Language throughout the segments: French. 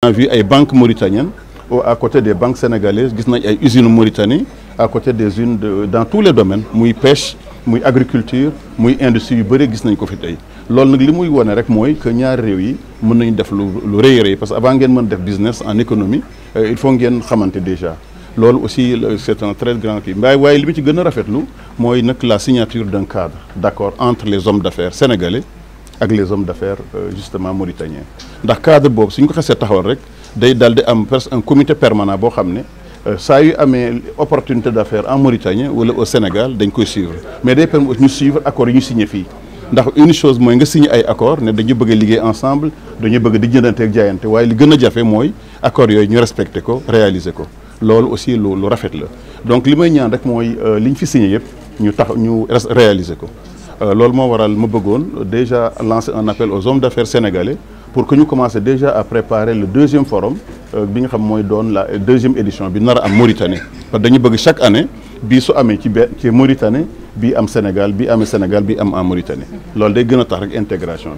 On a vu des banques mauritaniennes à côté des banques sénégalaises, a usines mauritaniennes, à côté des usines de, dans tous les domaines, mouille pêche, mouille agriculture, mouille industrie, beaucoup de nañ ko fi tay. de nak limuy woné rek moy que ñaar a rien, mon nañ def le réel parce qu'avant qu'on monte des business en économie, euh, il faut qu'on xamanté déjà. Lors aussi c'est un très grand qui. Mais ouais, limite qu'on a fait nous, nak la signature d'un cadre, d'accord, entre les hommes d'affaires sénégalais avec les hommes d'affaires euh, justement mauritaniens ndax cadre boobu suñ ko xasee taxawal rek day dal di am presque un comité permanent boo xam ne euh, saa yu amee opportunité d'affaires en Mauritanie wala au Sénégal dañ koy suivre mais day permettre ñu suivre accord, yi ñu signé fii ndax une chose mooy nga signé ay accord. ne dañu bëgg a ensemble dañu bëgg di jëndante ak jaayante waaye li gën a jafe mooy accords yooyu ñu respecté ko réaliser ko loolu aussi lu lu rafet la donc li may ñaan rek mooy euh, li ñu fi signé yëpp ñu ñu réaliser ko euh, loolu moo waral ma déjà lancer un appel aux hommes d'affaires sénégalais pour que nous commencer déjà à préparer le deuxième forum euh, la deuxième édition bi nar en Mauritanie parce que chaque année les su qui ci Mauritanien, ci Mauritanie am Sénégal bii amee Sénégal am en Mauritanie C'est ce qui est intégration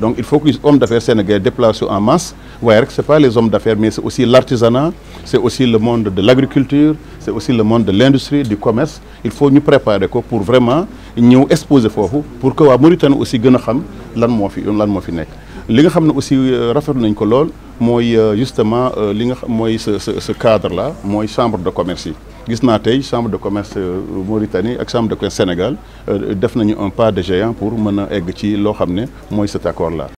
donc il faut que les hommes d'affaires sénégalais déplacent en masse Ouais, rek c'est pas les hommes d'affaires mais c'est aussi l'artisanat c'est aussi le monde de l'agriculture c'est aussi le monde de l'industrie du commerce il faut nous préparer pour vraiment ñëw exposé fofu pour que wa Mauritanie aussi gëna xam lan mo fi lan mo fi nek li nga xamne aussi euh, rafetlu nañ ko lool moy euh, justement euh, li nga moy ce ce cadre là moy chambre de commerce gis na tay chambre de commerce Mauritanie ak chambre de commerce Sénégal def nañu un pas de géant pour mëna egg ci lo xamne moy cet accord là